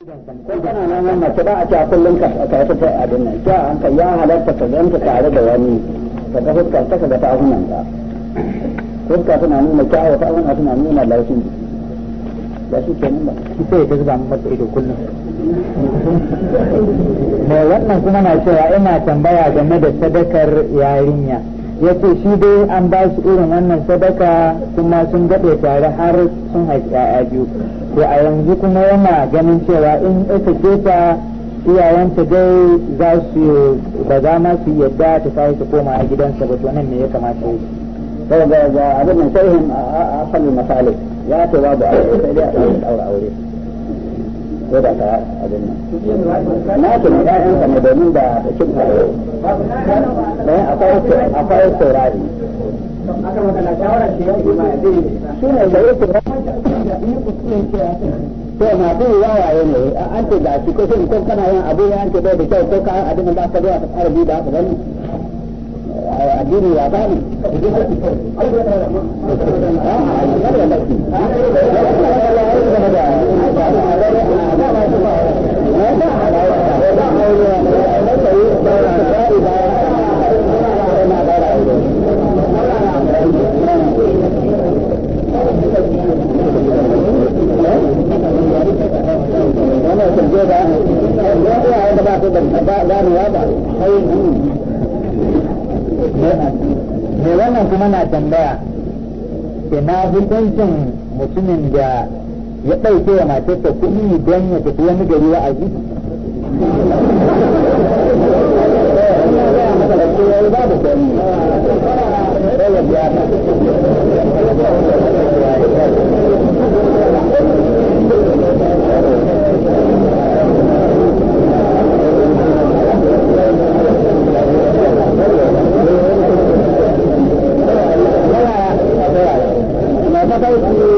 ko kana nan nan mace ba a cewa kullum ka ka fita abin nan ta an ka ya halatta ka ganta tare da wani ka ga fuskar ta ga tahunan ka fuska tana nuna kyawu tahuna tana nuna laushin ba shi ke nan ba sai ka zuba masa ido kullum mai wannan kuma na cewa ina tambaya game da sadakar yarinya ya ce shi dai an ba su irin wannan sadaka kuma sun gaɗe tare har sun haifi ‘ya'ya biyu to a yanzu kuma yana ganin cewa in ita keta iyayenta dai za su ba za ma su yadda ta kawo su koma a gidansa ba to nan me ya kamata yi ga abin nan sai a asalin masalik ya ce babu aure sai dai a aure ko da ka abin nan na tuni ƴaƴan ka domin da da kin eh, ne akwai akwai saurari da yake to na bi wawaye ne an ce ga shi ko shin ko kana yin abu ya ce bai da kyau ko ka abin da ka zo a arabi da ka gani addini ya bani Wannan sun je ba, ba ba ba ba ba ba ba ba ba ni wannan kuma na tambaya ina hukuncin mutumin da ya ɗauke wa matarsa kuɗi don ya tafi wani gari wa'azi Thank you. sarki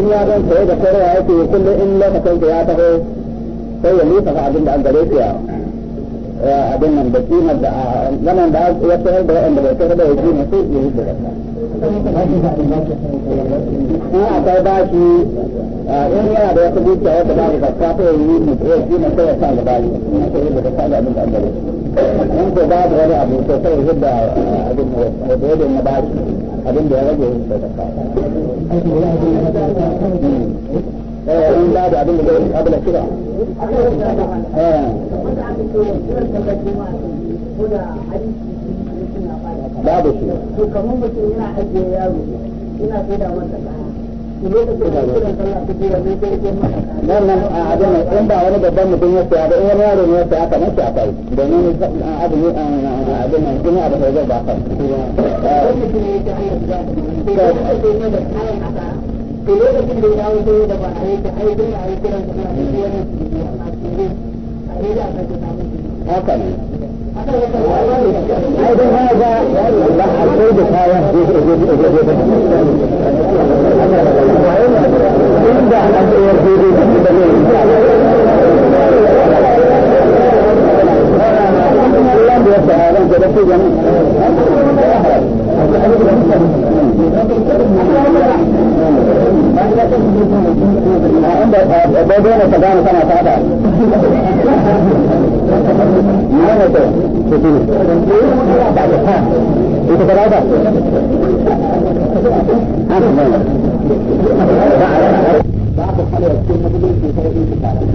in ya zan saye da sayarwa yake kullum in lokacin da ya taho sai ya nufa fa abin da an gare shi abin nan da kimar da zaman da ya sayar da waɗanda bai sayar da ya kima su ya yi da kai akwai bashi in yana da wata dukiya wata ba da zakka ko yi mu ko yi na sai ya sa da bashi in ko yi da zakka da abin da an gare shi in ko babu wani abu sai ya hidda abin da ya na bashi abin da ya rage yin sadaka eh in da abin da zai da kira eh. babu shi to kamar mutum yana ajiye yaro yana sai masa wannan abin in ba wani babban mutum ya saya in wani yaro ne ya saya kamar shi akai domin abin abin nan in abu sai zai ba ka lokacin da ya wuce ba a yi ta aikin da a yi kiran kuma a yi أيضا هذا السيد كفاية عند أن يرفض Thank you. بدون تبان كما تابع ما نتو يتبادل بعض الحالات تكون مدلول في تغيير الكتابة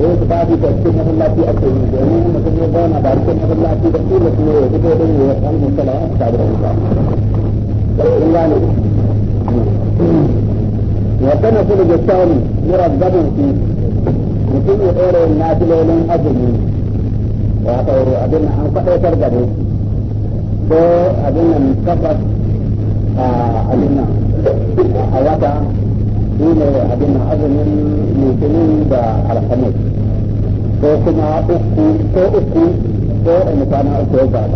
ایک بات ہی کرتے ہیں اللہ کی اچھی مطلب یہ بہت آباد کرنے اللہ کی بچی لکھنے کے لیے مسئلہ ہے الإيمان وكان كل جسام مرغب في مثل غير الناس لولا أجل وأطور أبن عن قطعة تربده فأبن من كفر أبن حياته دون أبن أجل يوتنين على حميد فأكما أكو فأكو فأكما أكو فأكما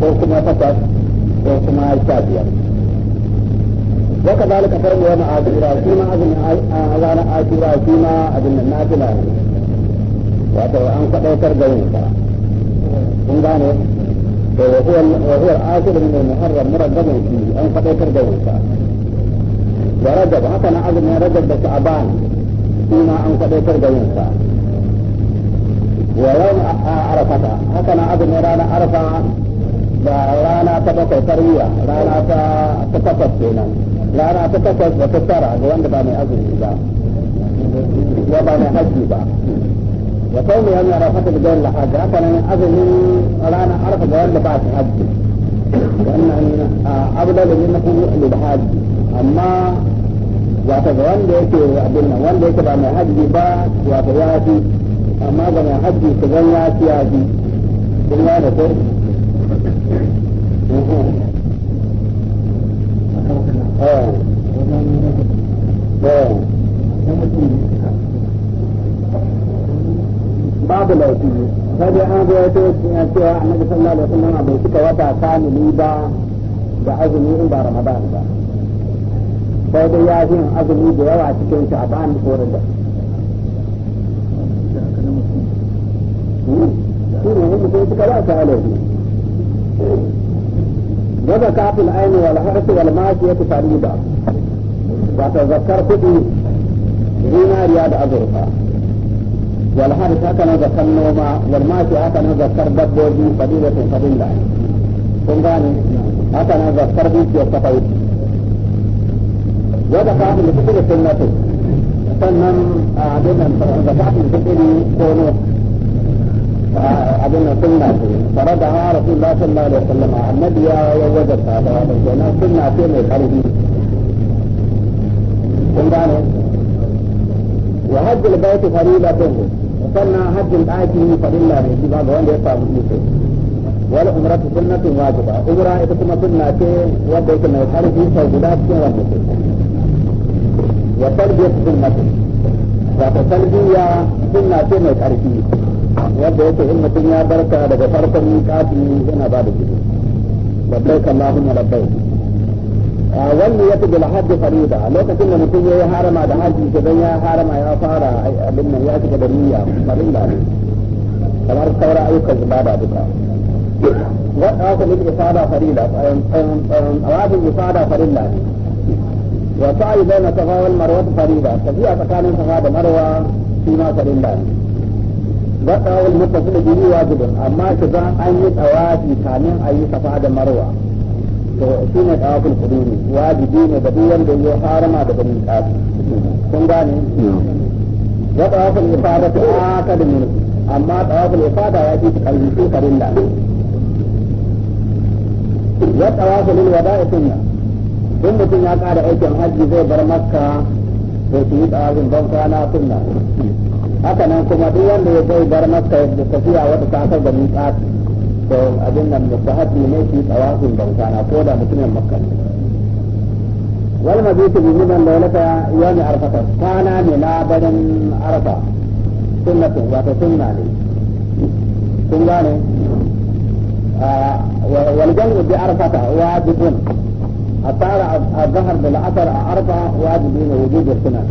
فأكما فأكما ko kuma sha biyar وكذلك فرض a عاشوراء فيما أظن أذان عاشوراء فيما أظن النافلة wato an faɗaukar da yin kun gane da wahuwar huwa wa huwa al-akhir min al-muharram muraddabun fi an faɗaukar da yin sa da rajab haka na ya rajab da sha'aban shi ma an faɗaukar da yin sa wa yau a arafata haka na azumin rana arafa da rana ta bakwai ta ruwa rana ta takwas kenan rana ta takwas da ta tara ga wanda ba mai azumi ba ya ba mai haji ba wa kawai yan yara fata da gawar lahaji haka nan azumin rana arfa ga wanda ba su haji wannan abu da lullu na kuma da haji amma wata ga wanda yake abin nan wanda yake ba mai haji ba wata ya fi amma ga mai haji su gan ya fi ya fi kun gane ko babu laifi sai dai an zo ya cewa annabi sallallahu alaihi wasallam bai cika wata kamili ba da azumi in ba ramadan ba sai dai ya yin azumi da yawa cikin وزكاة العين والحرث والماشية فريضة وتذكر كدي ديناريا أزرقا والحرث هكذا ذكر نوما والماشية هكذا ذكر دبوجي فضيلة فضيلة kun gane haka nan zakkar dukiyar ta fai wadda ka haka da kuka da sunnatu sannan a abin nan zakkar أظن كنا فيه فردها رسول الله صلى الله عليه وسلم على النبي ووجدت هذا الجنة كنا فيه من خارجه إيه؟ قلنا وهج البيت فريضة وصلنا حج الآية فريضة من شباب وين يصاب المسلم والعمرة سنة واجبة عمرة إذا كنا فيه وديك من الحرج فوجدات سنة واجبة وتلبية سنة فتلبية سنة من الحرج wanda yake in mutum ya barka daga farkon miƙati yana ba da gudu labbaik allahumma labbaik wannan yake bil hajji farida lokacin da mutum ya yi harama da haji idan ya harama ya fara abin nan ya shiga da niyya farida ne kamar sauran ayyukan ibada duka wata ne ke fada farida a wajin ifada farida ne wata ayi bayan safa wal marwa farida tafiya tsakanin safa da marwa suna farida ne baɗa da jini wa gudun amma ka za an yi tsawafi kamin a yi safa da marwa to shi ne tawafin kuduri wajibi ne da duk wanda ya harama da bani kafi kun gane wa tawafin ifada ta aka da minhu amma tawafin ifada ya fi kalli su karin da wa da ya sunna in mutum ya ƙara aikin hajji zai bar makka to su yi tsawafin ban kwana sunna haka nan kuma duk wanda ya zai bar maka da tafiya wata sakar da miƙati to abin nan hafi ne shi tsawafin bauta na ko da mutumin makka ne wal mabitu bi minan lailata yawm arfata kana ne na barin arfa sunnatun wato sunna ne kun gane ah, wal jam'u bi arfata wajibun asara الظهر بالعصر عرفة واجب وجوب السنن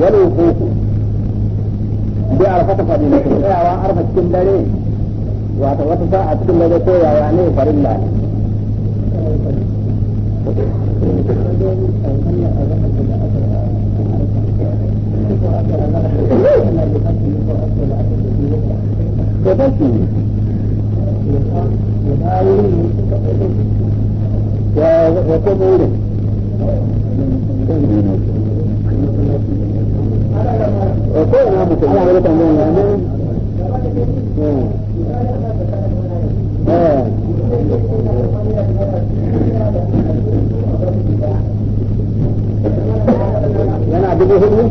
والوقوف کلو لوگوں کو بھاڑی تھی ایک دن ko ina mutum wani ya nan yana dubu hudu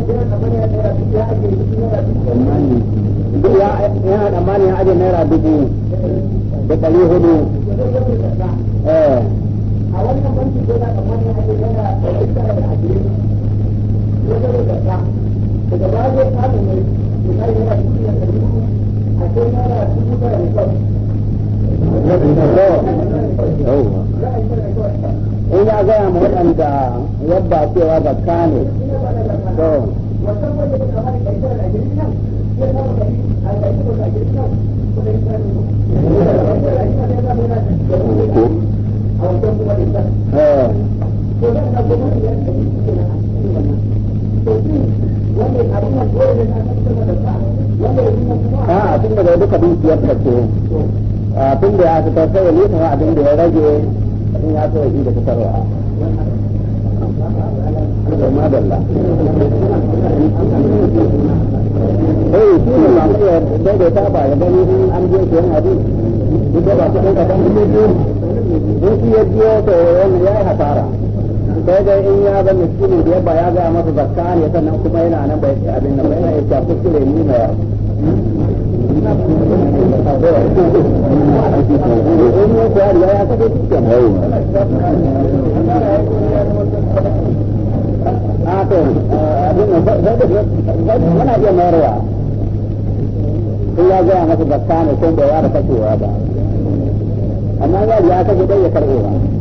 yana ya ajiye naira dubu da ɗari hudu a wannan banki ko da ya ajiye naira da da daga baya zai kama ne misali yi dubu da ɗari yi a kai naira dubu da ɗari kawai. In ya gaya ma waɗanda yadda cewa zakka ne. To. Ko a'a ah, tun daga duka dukiyar ka ce ah, tun da ya fitar sai ya abin da ya rage in ya so da fitarwa eh shi ne da da ta ba ya gani in an je yana bi duk da ba ya to ya yi hasara sai dai in ya ga miskini da yabba ya gaya masa zakka ne sannan kuma yana nan bai abin nan bai ya shafi kure ni na Muna iya mayarwa, in ya gaya masa zakka ne ko bai ya da kashewa ba, amma ya ya kashe dai ya karɓe ba.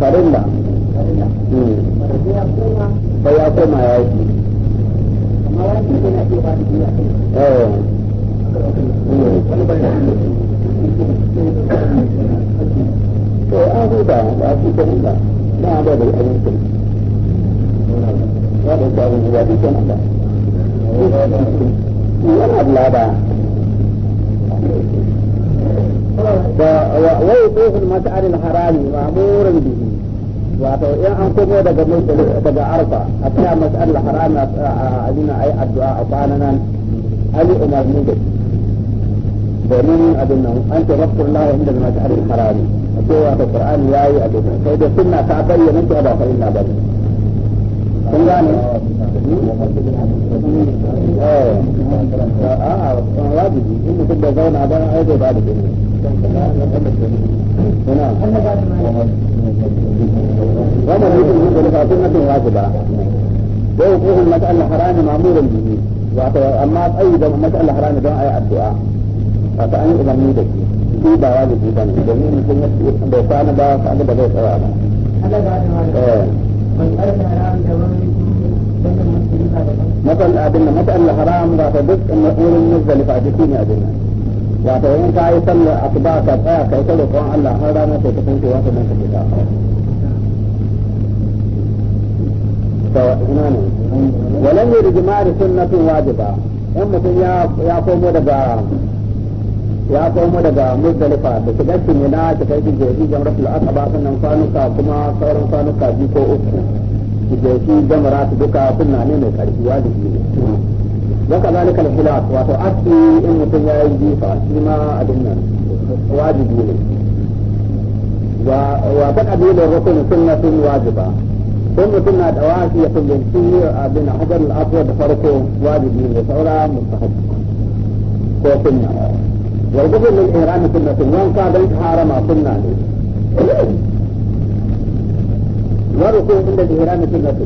farilla hmm. ba ya koma ya yi oh. to huta ba su ba na da bai ya da da da ويطوف المسعر الحرامي مأمورا به wato in an komo daga daga arfa a tsaya mas'alar harami a nuna ai addu'a a kwana nan ali umarni da domin abin nan an ce rabbul lahu inda mas'alar harami a cewa da qur'ani yayi abin sai da sunna ta bayyana cewa ba fa inna bane kun gane a'a wajibi in mutum da zauna ba ai zai ba da jini kuna wannan mutum da kafin na bin wajiba da hukumar mas'alar harami mamurin jini wato amma tsayi da mas'alar harami don ai addu'a wato an yi umarni da shi shi ba wajibi ba ne domin mutum ya bai kwana ba kwana ba zai tsaya ba matsal abin da matsal haram ba ta duk wurin muzdalifa a jiki ne abin nan wato in ka yi sallar asuba ka tsaya kai ta roƙon Allah har rana ta kusan cewa ta nan ka fita to ina ne walan ne da jima'a sunnatun wajiba in mutum ya komo daga ya komo daga muzdalifa da shigar shi ne na ta kai jeji jamratul aqaba sannan kwanuka kuma sauran kwanuka biyu ko uku jeji jamrat duka sunna ne mai karfi wajibi ne wa kazalika al-hilat wato aski in mutum ya yi jifa shi ma abin nan wajibi ne wa ta kabilar rukun sunnatun wajiba kun mutum na dawaki ya tunjanci abin hajar al-aswad farko wajibi ne saura mustahabi ko sunna والبذل للإيران سنة وانقى بالإظهار ما صنع له ورقوا عند الإيران سنة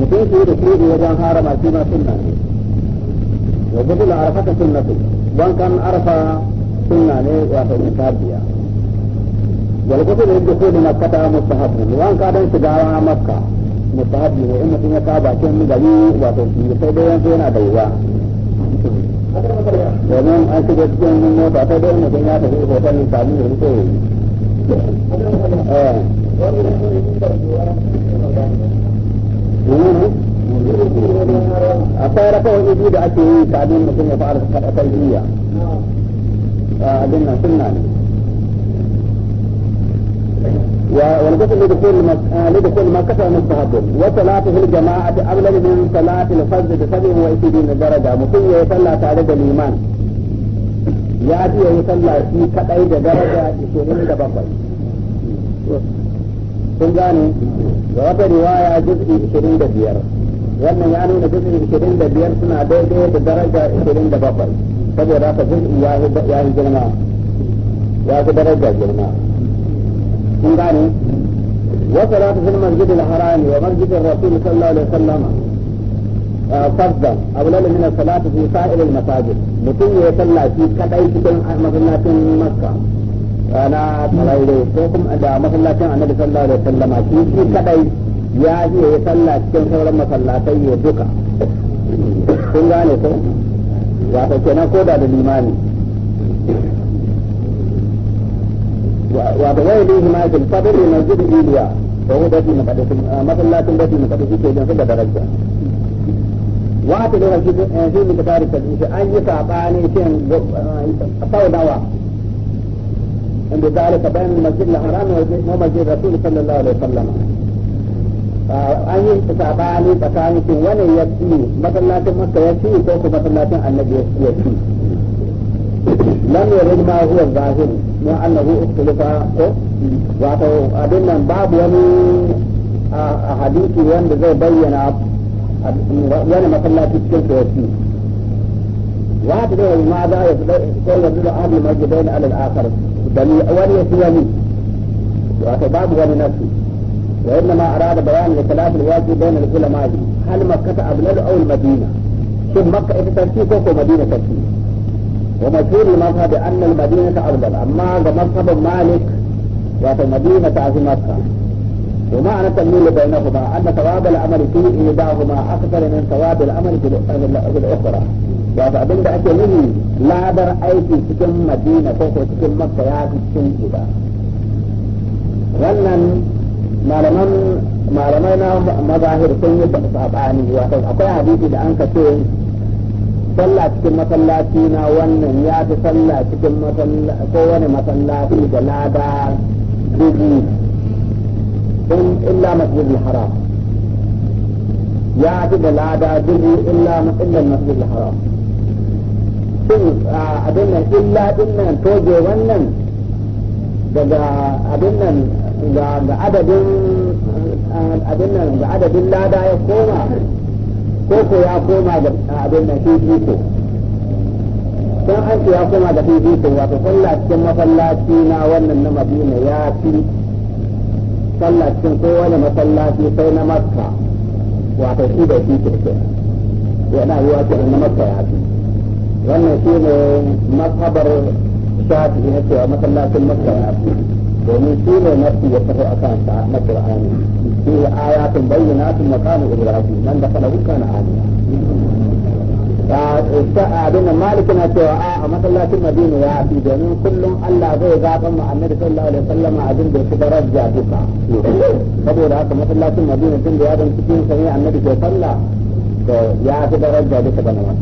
يتيس يرسلوه وظهار ما فيما صنع له وبذل عرفة سنة وانقى من عرفة صنع له وفي الإنكار بيا والبذل للدخول مكة مستحب وانقى بين سجارة مكة مستحب له إنه في مكة باكين مدلي وفي المسجد وانقى بيوان Jangan aku jadi yang mana tak ada yang mungkin ah, ada di hotel ini kami itu. Eh. Hmm. Apa yang dapat orang ibu dah cuci kami mungkin apa ada kat atas ini ya. Ada nak senang. ولقيتهم لدخول ما آه، لدخول ما كثر من التهدد وصلاته الجماعة أبلغ من صلاة الفجر بسبب وعشرين درجة مطية يصلى تعالى الإيمان يأتي ويصلى في كتائج درجة يسولين دبقل sun gane ga جزء riwaya jizgi 25 wannan ya nuna jizgi 25 suna daidai da daraja 27 saboda haka jizgi ya yi girma سنداني وصلاة في المسجد الحرام ومسجد الرسول صلى الله عليه وسلم آه، فرضا أو من الصلاة في سائر المساجد متن يصلى في كتاي كتن مثلا في مكة أنا أتلاقي لكم أدا مثلا كان النبي صلى الله عليه وسلم في كتاي ياجي يصلى كتن سورة مثلا في طيب، يدك سنداني كو واتكنا كودا للإيمان وابوي بهما في الفضل لمسجد ايليا فهو بيت المقدس آه، مثل بيت المقدس في جنس درجه واعتبرها آه، في مقدار التدريس ان يتعطاني شيء فوضى بذلك بين المسجد الحرام ومسجد الرسول صلى الله عليه وسلم an yi sabani tsakanin shin wani ya ci masallacin maka ya ci ko kuma masallacin annabi ya ci lam yarid يعني، آه، يعني يعني ما أنه اختلف واتو أدنى باب يعني أحاديث وان بزي بينا وانا مثلا كلا تشكل في وسيم واتو دي وما ذا يتقل أهل مجدين على الآخر دليل أولي سياني واتو باب وني نفسه وإنما أراد بيان لثلاث الواجب بين العلماء هل مكة أبلد أو المدينة ثم مكة إذا أو مدينة تركيكو ومشهور المذهب أن المدينة أفضل أما مذهب مالك وفي المدينة في مكة ومعنى تميل بينهما أن ثواب العمل في إيداهما أكثر من ثواب العمل في الأخرى وفي أبن بأكله لا برأيت سكن مدينة فوق سكن مكة يا سكن إيدا ولن مالمان مالمان مظاهر سنة سابعاني وفي أقوى حديثي لأنك سنة sallah cikin masallaci na wannan ya fi sallah cikin kowane masallaci da lada dubu in illa masjidil haram ya fi da lada dubu illa illa masjidil haram shin abin nan illa din nan toge wannan daga abin nan ga adadin abin nan ga adadin lada ya koma koko ya koma da abin da nan fifiko don an ya koma da fifiko wato sallah cikin masallaci na wannan na madina ya fi sallah cikin kowane masallaci sai na makka wato shi da shi kirkira yana yi kenan na makka ya fi wannan shi ne mazhabar shafi na cewa masallacin makka ya fi domin su ne nasu ya tafi a kan sa na Qur'ani shi ayatun bayyinatun maqamu Ibrahim nan da kana hukka na amina ta abin Malik na cewa a masallacin Madina ya fi domin kullum Allah zai zaɓa mu Annabi sallallahu alaihi wasallam abin da shi daraja duka saboda haka masallacin Madina tun da ya dan cikin sahih Annabi ke sallah to ya fi daraja duka da nawa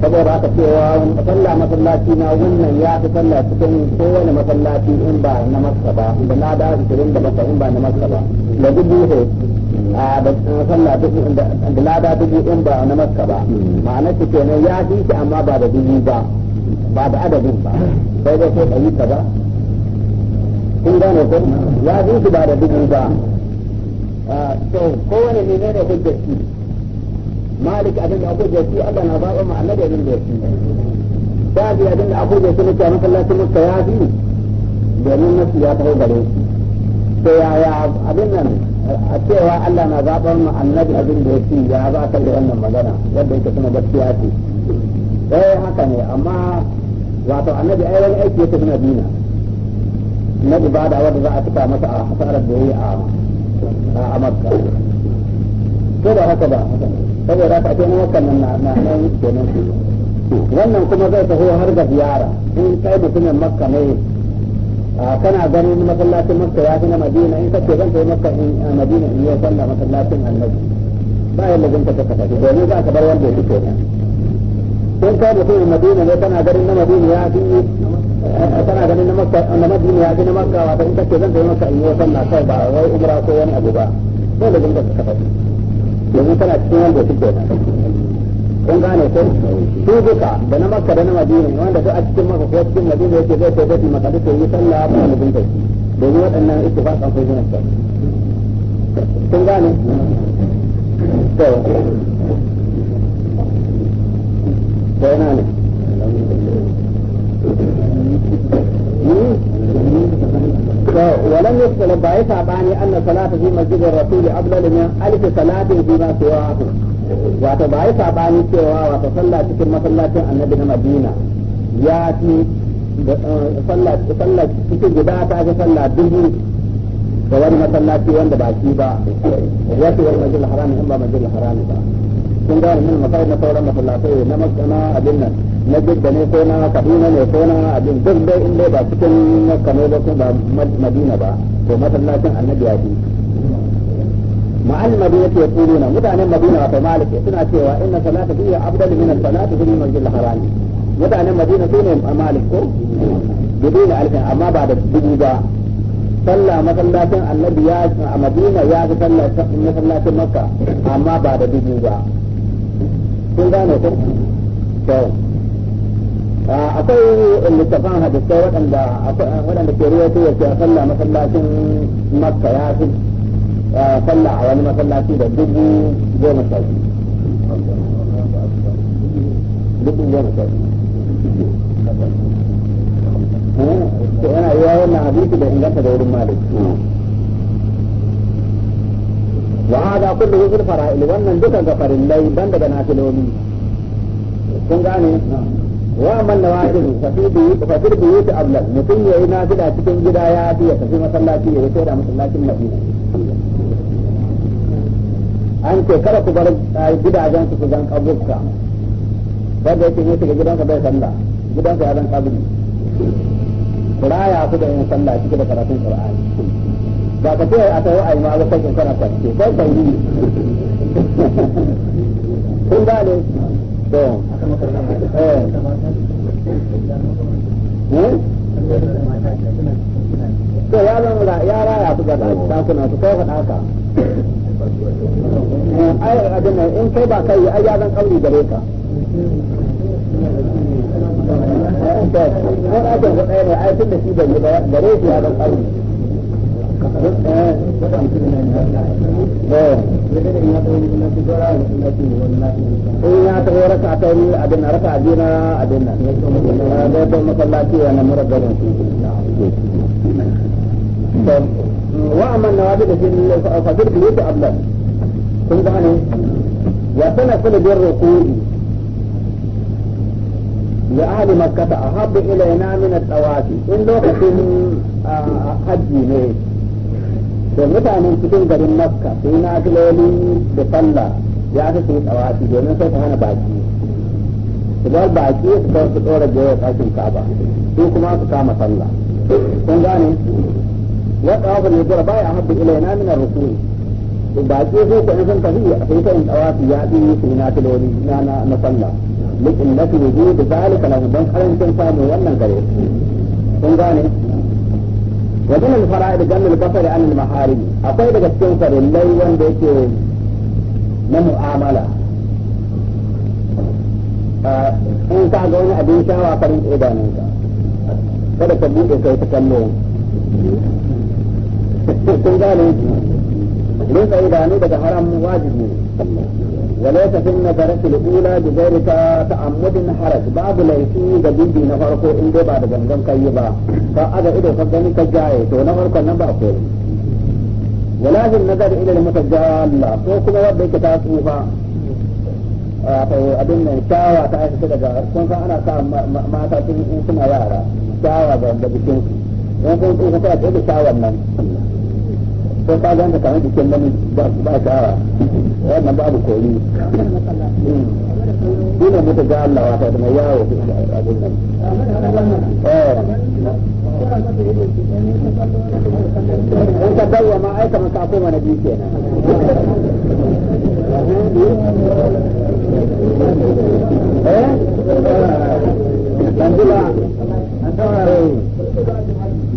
saboda haka cewa sallah masallaci na wannan ya fi sallah cikin kowane masallaci in ba na masa ba da na da ashirin da bakwai in ba na masa ba da dubu ho a da sallah dubu da na da dubu in ba na masa ba ma'ana shi kenan ya fi shi amma ba da dubu ba ba da adadin ba sai dai sai ɗari ka ba kun gane ko ya fi shi ba da dubu ba to kowane ne ne da hujjar shi malik abin da abuja shi Allah na ba annabi ya fi domin nasu ya gare yaya a cewa Allah na zaɓar mu annabi ya wannan magana wanda yake ce eh haka ne amma wato annabi aiki na ibada za a masa a hasarar da yayi a a Makka ko ba haka ba saboda ka kenan wakannan na na nan kenan su wannan kuma zai taho har da ziyara in kai mutumin makka ne kana ganin masallacin makka ya fi na madina in kace zan kai makka in madina in yi sallah masallacin annabi ba ya lazim ka taka tafi domin za ka bar wanda ya fito ne in kai mutumin madina ne kana ganin na madina ya fi kana ganin na makka na madina ya fi na makka wato in kace zan kai makka in yi sallah kai ba wai umra ko wani abu ba dole zan ka tafi yanzu kana cikin wanda su ke kun gane ko su duka da na makka da na madina wanda su a cikin maka ko cikin madina yake zai kai baiti maka duka yi sallah ba mu bin kai domin waɗannan ittifaqan kun gane ko kun gane to to ne ولم يختلف باي sabani أن صلاة في مسجد الرسول أفضل من ألف صلاة فيما سواه wato ba yi sabani cewa wato sallah cikin masallacin annabi na madina ya fi sallah cikin guda ta fi sallah dubu ga wani masallaci wanda ba shi ba ya ce wani majal harami in ba majal harami ba kun ga wani masarai na sauran masallatai na abin nan na jidda ne ko na kaduna ne ko na abin duk dai in dai ba cikin makka ne ba ba madina ba to masallacin annabi ya fi ma'al madina ke kuluna mutanen madina wato malik suna cewa inna salata fi abdal min as-salati fi masjidil haram mutanen madina sune malik ko bidin alfin amma ba da dubu ba sallah masallacin annabi ya a madina ya ga sallah masallacin makka amma ba da dubu ba kun gane ko to akwai littafan hadisai waɗanda waɗanda ke ruwaito ya ce a sallah masallacin makka ya fi falla a wani masallaci da dubu goma sha dubu goma sha to eh, yana yi yiwa wannan hadisi da inganta da wurin malik wa hada kullu fil fara'il wannan duka ga farillai ban daga nafiloli kun gane wa man da wa'idi fa fi bi fa fi bi yuta abla mutum yayi gida cikin gida ya fi ya tafi masallaci ya tsaya masallacin nabi an ce kada ku bar gidajen su ku zan kabuka wanda yake ne shiga gidansa bai sallah gidansa ya zan kaburi kuraya ku da yin sallah cikin da karatun Qur'ani ba ka ce a tawo ai ma ba kai kana kwace kai kai kun ne. to to ya zama ya raya su ga dakuna su kai faɗa haka ai in kai ba kai ai ya zan kauri gare ka ko ɗakin ku ɗaya ne ai tun da shi bai yi ba gare shi ya zan kauri in ya taho raka ta yi abin na raka abin na abin na da yadda masallaci wa na mura gaban shi wa amma na wajen da shi fajir da yake ablan kun gane wa tana kula biyar rukuri لأهل مكة أحب إلينا من الطواف إن لو كنت حجي ليه to mutanen cikin garin makka su yi nafiloli da sallah ya ta su yi tsawafi domin sai ta hana baki su bar baki su bar su tsora jaya kashin kaba su kuma su kama sallah kun gane ya tsawafin ya jira baya habbi ilaina min ar-rukui baki su ko in sun tafi a sai ta yin tsawafi ya fi su yi nafiloli na na sallah likin nafi wujud zalika lahum dan karancin samu wannan gare kun gane ومن الفرائض جمع البصر عن المحارم أقول لك السنفر اللي وان بيك نمعاملة in ka ga wani abin shawa farin idanunka kada ka buɗe kai ta kallo kun gane rinka idanu daga haram wajibi ne وليس ثم درس الاولى بذلك تعمد حرج بعض ليسي دليل دي نفرقو ان دي بعد جنجم كيبا فأذا إذا فضلني كجاي تو نفرقو النبع كل ولازم نظر الى المتجال تو كما وردك تاسوها abin shawa ta aikata daga sun san ana sa mata sun suna yara shawa da da bikin sun san sun kuma da shawa nan sun ka ganta kamar bikin nan ba ba wannan babu koyi shi ne mutu ga Allah wata da mai yawo abin nan eh. in ma aika mana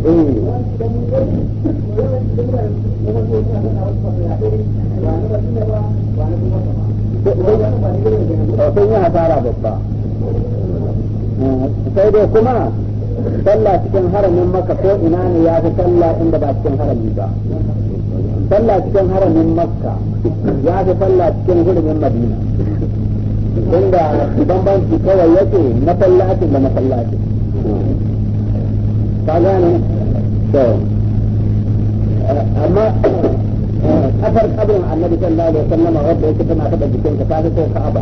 eh بين هزارة بطا سيد وكما صلى تكن هرم من مكة إنان يا فتلا عند بعد تكن هرم يبا صلى تكن هرم من مكة يا فتلا تكن هرم من مدينة عند بمبان في كوية نفلات لما فلات فعلان أما أثر قبل عن النبي صلى الله عليه وسلم ربه كما أخذ الجسين كفاته كعبه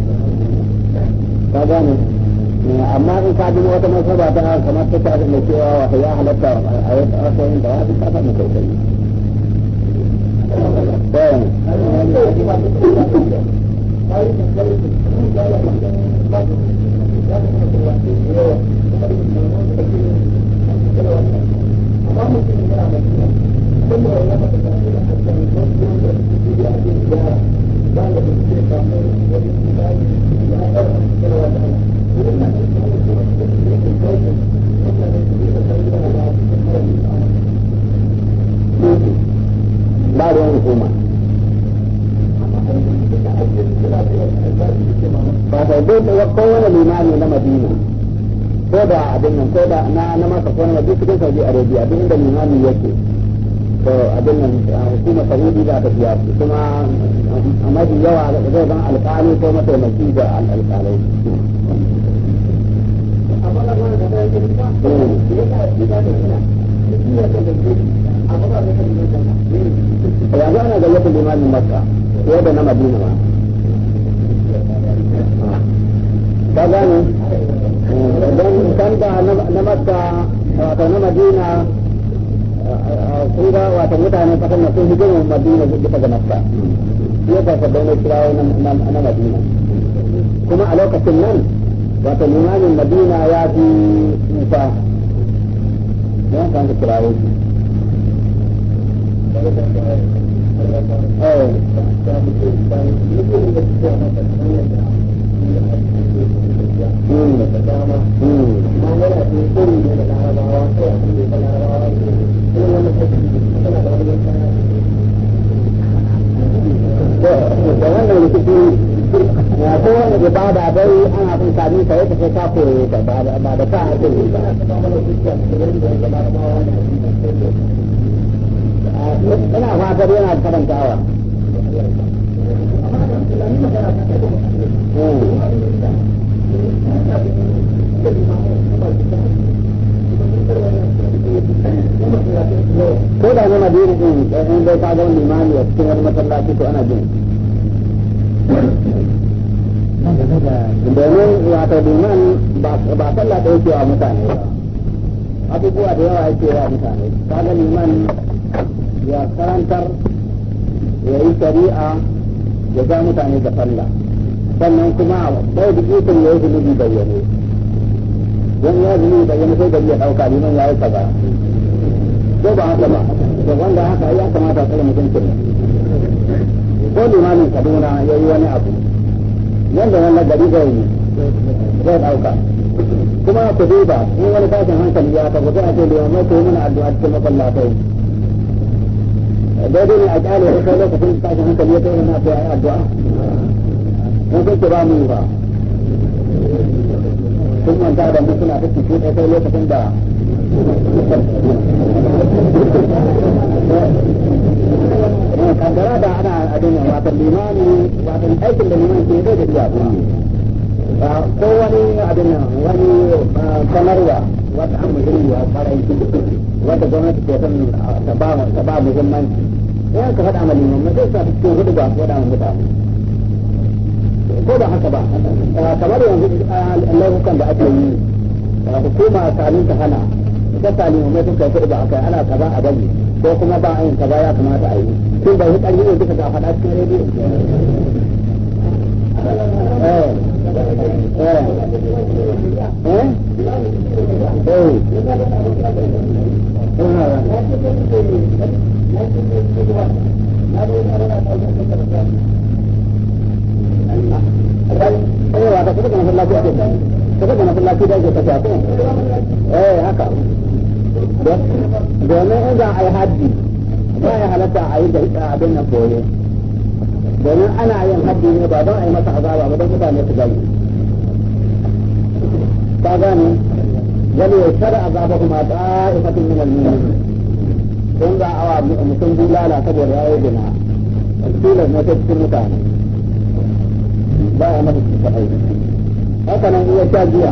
فبان اما ان كان دون وطن اصابع فانا كما تتعرف ان الشيء هو حياء حلقة ايضا اخوة ان دواء بس افا مكوكي فبان ko da abin nan ko da na na masa ko na duk cikin Saudi Arabia duk inda limami yake to abin nan hukumar za ta biya mafi yawa zai zan alƙali ko mataimaki da alƙalai yanzu ana gayyatar limamin makka ko da na madina ma ka gane don na makka wato na madina tura wata mutanen kasar na sun hijirin madina su bisa ga makka shi yasa sabbin mai kirawo na madina kuma a lokacin nan wata limamin madina ya fi kufa yan kan ka kirawo shi Mm. da wannan rikici ya ko wani da ba da bai ana son sami sai ta kai kafo ba ba da ba da ka ake yi ba ina fatar yana karantawa Oh ko da zama dole din sai in dai ka ga wani mali a cikin wani masallaci ko ana jin domin wata liman ba sallah da yake wa mutane ba abubuwa da yawa yake wa mutane kaga liman ya karantar ya yi shari'a ya ga mutane da sallah sannan kuma bai da ikon ya don ya zini da yana sai gari ya ɗauka liman ya yi ba ko ba haka ba da wanda haka ya kamata tsare mutum ne ko limanin kaduna ya yi wani abu yadda wannan gari zai yi zai ɗauka kuma ku duba in wani tashin hankali ya tafi sai a ce yi ko muna addu'a cikin masallatai daidai ne a kyale ya kai lokacin tashin hankali ya tafi yi addu'a in kun ba mu ba sun manta da mu suna ta cutu ɗaya sai lokacin da eh, kankara da ana abin yan watan limani watan aikin da liman ke zai da biya kuma ko wani abin nan wani sanarwa wata an muhimmi a farai wata gwamnati ke son ta ba muhimmanci yan ka faɗa ma liman mai zai sa cikin hudu ba ko da mutane ko ba haka ba kamar yanzu laifukan da ake yi hukuma kamin ta hana ta sami umar sun kai ba akai ana kaza a bari ko kuma ba a yin kaza ya kamata a yi tun bai hukar yi duka ga faɗa cikin rediyo Thank eh, you. Eh, eh. haka ka daga masallaci ake ka daga masallaci da ake tafiya ko eh haka domin in za a yi haddi ba ya halatta a yi da abin nan koyo domin ana yin haddi ne ba don a yi masa azaba ba don mutane su gani ka gane wani ya shara azaba kuma ta'ifatin min al-mu'minin don ga awa mutum bulala saboda ya yi gina tilas na ta cikin mutane ba ya mata cuta haka nan iya sha giya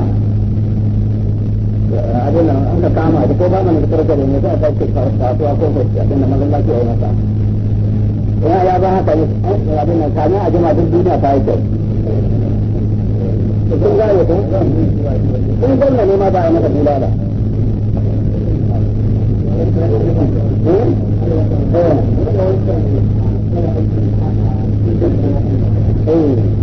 abin nan an ka kama da ko ba mana da farko da ne za a ko kwanciya abin nan mazan masa ya ya ba haka ne abin nan a jima duk duniya ta yi kyau kun gane ko kun ne ma ba a mata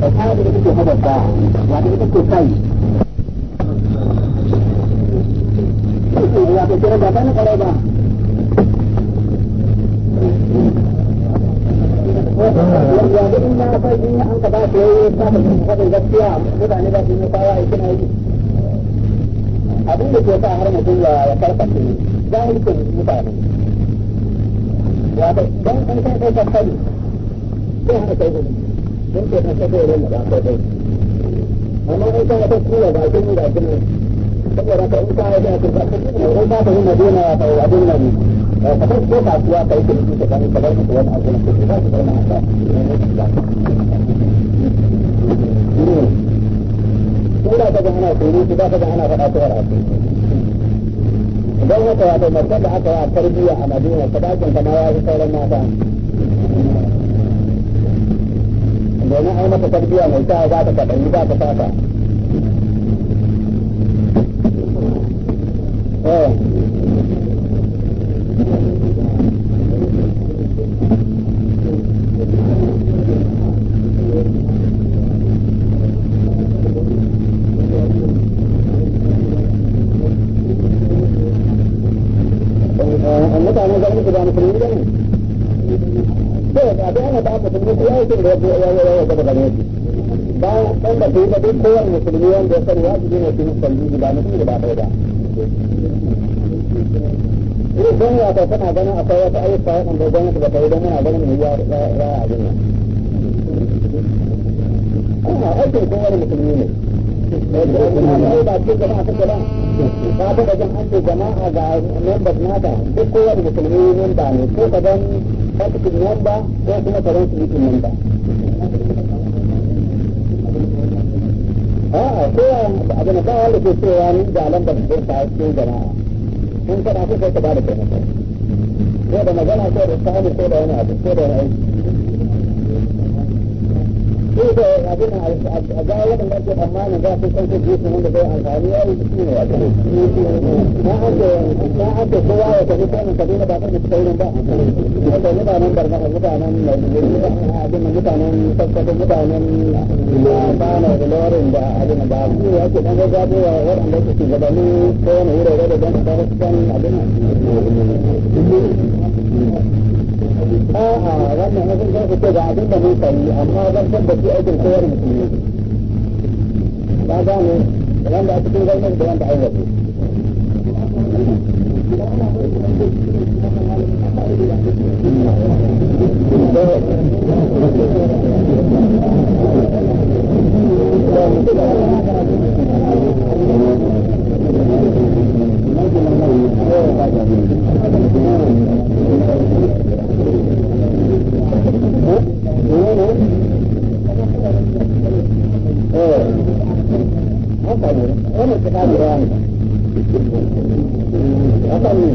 kayan da ita ce hadarta wata ita kai kira ba ta na kwarai ba yanzu in na kai an ka ba ta yi ta kwarai gaskiya mutane ba su yi a yi abin da ke sa har mutum ya karkace mutane an kai kai sai kai gudu don ko ta kafa irin da ba dai amma in ka ta kula da kin da kin saboda ka in ka yi da kin ka ko ba ta yana dena ta abin nan ka ta ko ka kuwa kai kin ka kan ka ba ku wani abin da ku ba ku da na ta Kura ta ga ana tsoro, ta ga ana faɗa ta wani don haka wato mace da aka yi a tarbiyya a madina sadakin kama ya fi sauran mata میں نے آنا پتھر دیا موٹا گا کریں to ga da ana ba musulmi da yayi da ya ya ya da ba da duk kowa musulmi wanda ya sani ne ba ba ba ya ta tana ganin akwai wata ayyuka ta yi don muna ganin ya ya aikin musulmi ne ba jama'a ga members nata duk kowane musulmi memba ne ko ka office number ko kuma karon su meeting number ko abin da kawai ke cewa ni da da ta cikin jama'a in kada ku sai ka ba da taimako ko da magana ko da samu ko da wani abu ko da wani aiki duba abin a ga waɗanda ake tsammanin za su kanke jisu wanda zai amfani ya yi su ne wato na ake na ake kowa ya tafi sanin kaduna ba kan saurin ba wanda mutanen barna mutanen abin mutanen sassafin mutanen bana da lorin da abin ba su ya ke ɗan gaggabo wa waɗanda su ke gabani ko wani wurare da don su kan abin a'a wannan ya zai zafi ce ga abin da mun sani amma zan tabbaci aikin koyar mutum ne ba za ne wanda a cikin gwamnati da wanda aiwatu Thank you. apa ni? Ini sekali orang. Apa ni?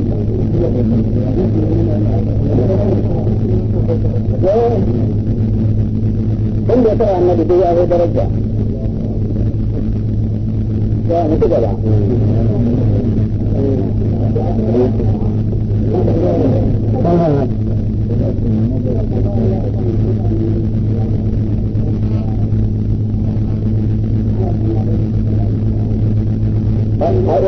Kan dia tak ada di dia ada daraja. Ya, itu dah lah. Thank you. a ina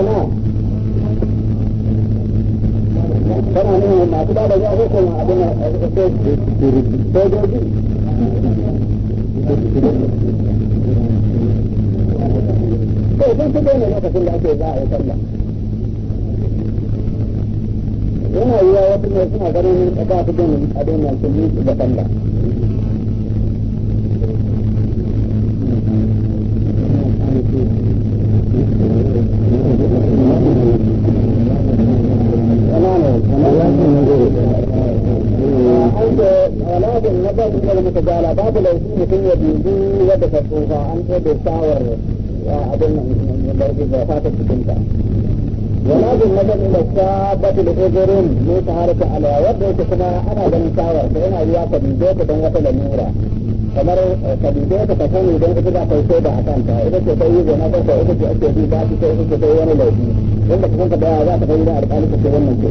kana ne masu ba da ya hukun abin da sojoji kai sun fito ne lokacin da ake za a yi sallah yana yiwa wasu ne suna ganin ba su gani abin nan sun yi da sallah tsufa an da shawar abin nan barbi da fata cikinta wala bin da ila sabati da uzurin ne ta harka ala wanda yake kuma ana ganin shawar ta yana yiwa ka dube ta don wata lamura kamar eh, ka dube ta ka sani don ita za ka yi shaida a ta ita ce ta yi zana ta ko ita ce ake bi ba ta ita ce ta yi wani laifi don ba ka san ka baya za ka kai da alƙali ka ce wannan ce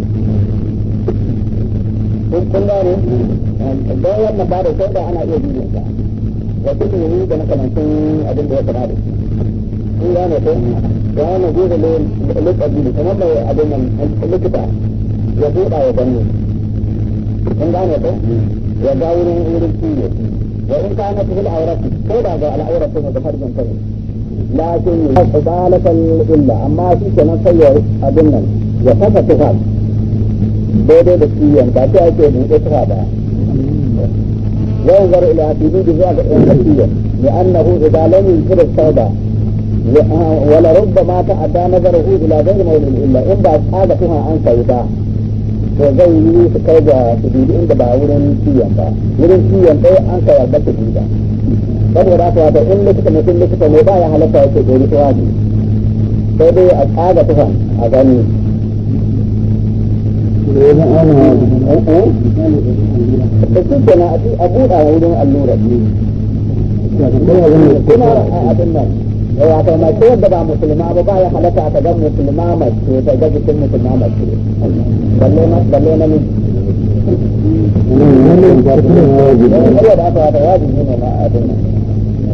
kun kun gane eh, da wannan ba da shaida ana iya bibinta wasu ilimi da makamancin abin da ya kama da shi in ya mace ya mace zai da lokaci da kamar mai abin nan likita ya buɗa ya gani in ya mace ya ga wurin wurin cinye wa in kana ta hul aurati ko da ga al'aurar sun ga farjin kare lakin ya zalakan illa amma shi kenan sai ya abin nan ya kafa tufa daidai da ciyan ba ta ake buɗe tufa ba ينظر الى حدود ذاك الحديه لانه اذا لم ينكر التوبه ولربما تعدى نظره الى غير موضع الا ان بعد حالتها عن سوداء وزي يوسف كوجا ان عند باورين سيان با ورين سيان با ان توبه سجودا saboda haka wato in likita mutum likita ne baya halatta ya ce dori tuwa ne sai su a buɗa wa wurin allurar kuma abin nan yadda ba musulma ba ba ya halatta a ga musulma mace ta ga jikin musulma mace balle na miji wannan da aka wata wajibi ne ma abin nan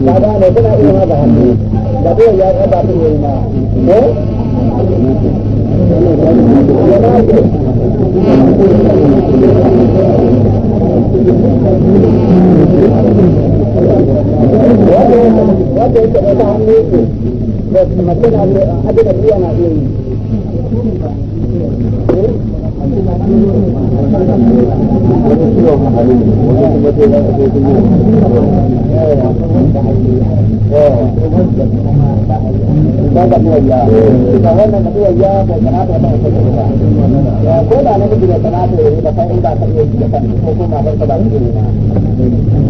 Jadi kita ini ada hati. Jadi yang ada hati ini mana? Terima kasih kerana menonton! ko da namiji da sanata ya yi da fa'in ba ka iya da ko kuma ba ka ba su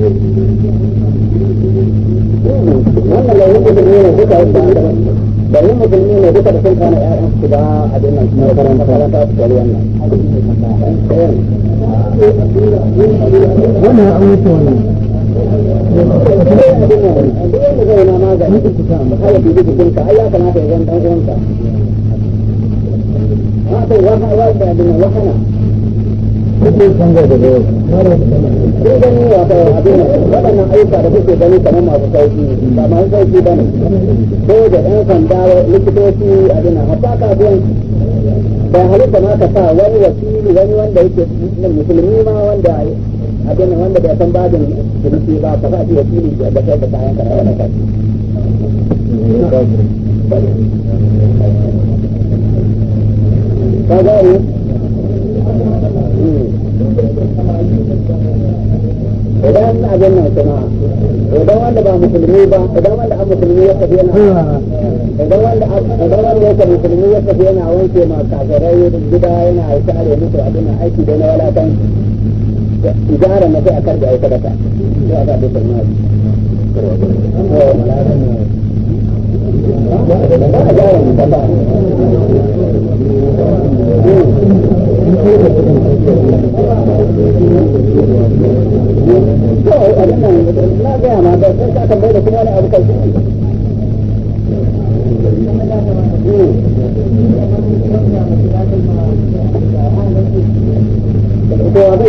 wannan lauyin musulmi ne duka wasu an daban lauyin musulmi ne duka da sun kana ƴaƴan su ba a dinnan su makaranta makaranta su kari wannan wannan an wuce wannan duk yadda zai na magani har ya bibi jikinka wani. ya kamata ya zan ɗan wani. kuke da yau ne abin ayyuka da kuke gani kamar masu sauki ba masu sauki ba ne ko da ɗan sanda likitoci abin a hatta kafin ba halitta ma ka wani wakili wani wanda yake musulmi ma wanda abin wanda bai san ba ka shi wakili da kai da kayan ka na wani idan na abin nan kuma idan wanda ba musulmi ba idan wanda an musulmi ya tafi yana idan wanda idan wanda musulmi ya tafi yana wanke ma kafirai gida yana kare musu abin aiki da na walakan na sai a ba a ba ما قام بس انت بينكم وانا ابو Thank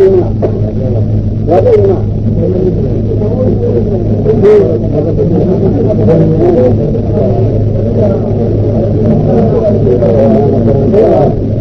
you.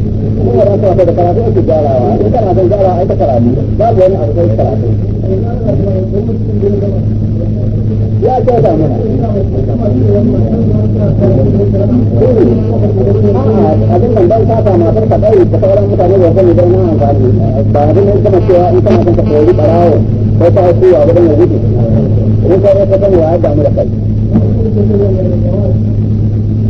Ini orang tua pada kalau itu jalan, itu kan ada jalan itu kalau bagian ada kalau. Ya jalan mana? Ah, ada mandang kata macam kata itu kata orang kata ni bukan itu nama kami. Bahkan itu macam itu macam kepoli parau. Kata itu apa yang itu? Ini saya kata ni ada mereka.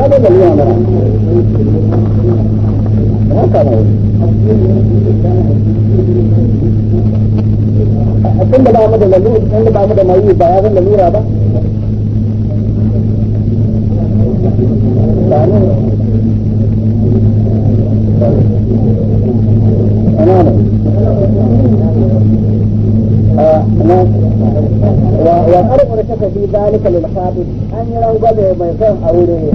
لا بد اليوم لا هكذا كل بعمد مولود كل بعمد مولود بعد الأمير هذا يعني أنا أنا وأرغب في ذلك للخاطب أن يروا بدر ما يكون أوليه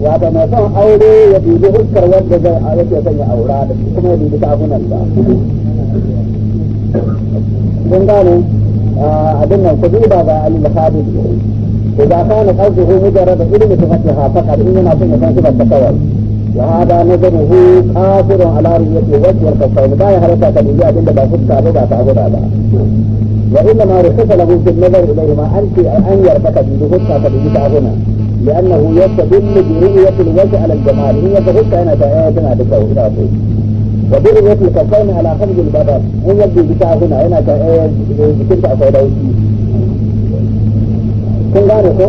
wata mai son aure ya dubi huskar wanda zai yake son ya aura da kuma ya dubi tafunan ba kun gane abin nan ku duba ga al-khabir إذا كان قصده مجرد علم صفتها فقط إنما كنا ننسب التطور وهذا نظره قاصر على رؤية الوجه والقصير لا يهلك تبديع عند باسط كعبدا تعبدا لا وإنما رخص له في النظر إليهما أنت أن يربك بجهودك تبديع هنا لأنه يستدل برؤية الوجه على الجمال هي فقلت هنا تأتنا بالتوحيد العظيم وبرؤية الكفين على خمس البدر هي اللي بتاع هنا هنا تأتي بتنفع أصدوتي kun gane ko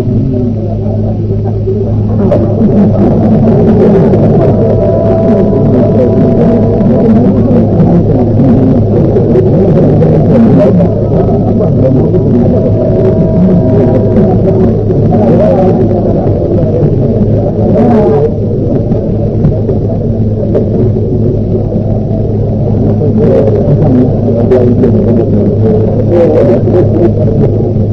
Thank you.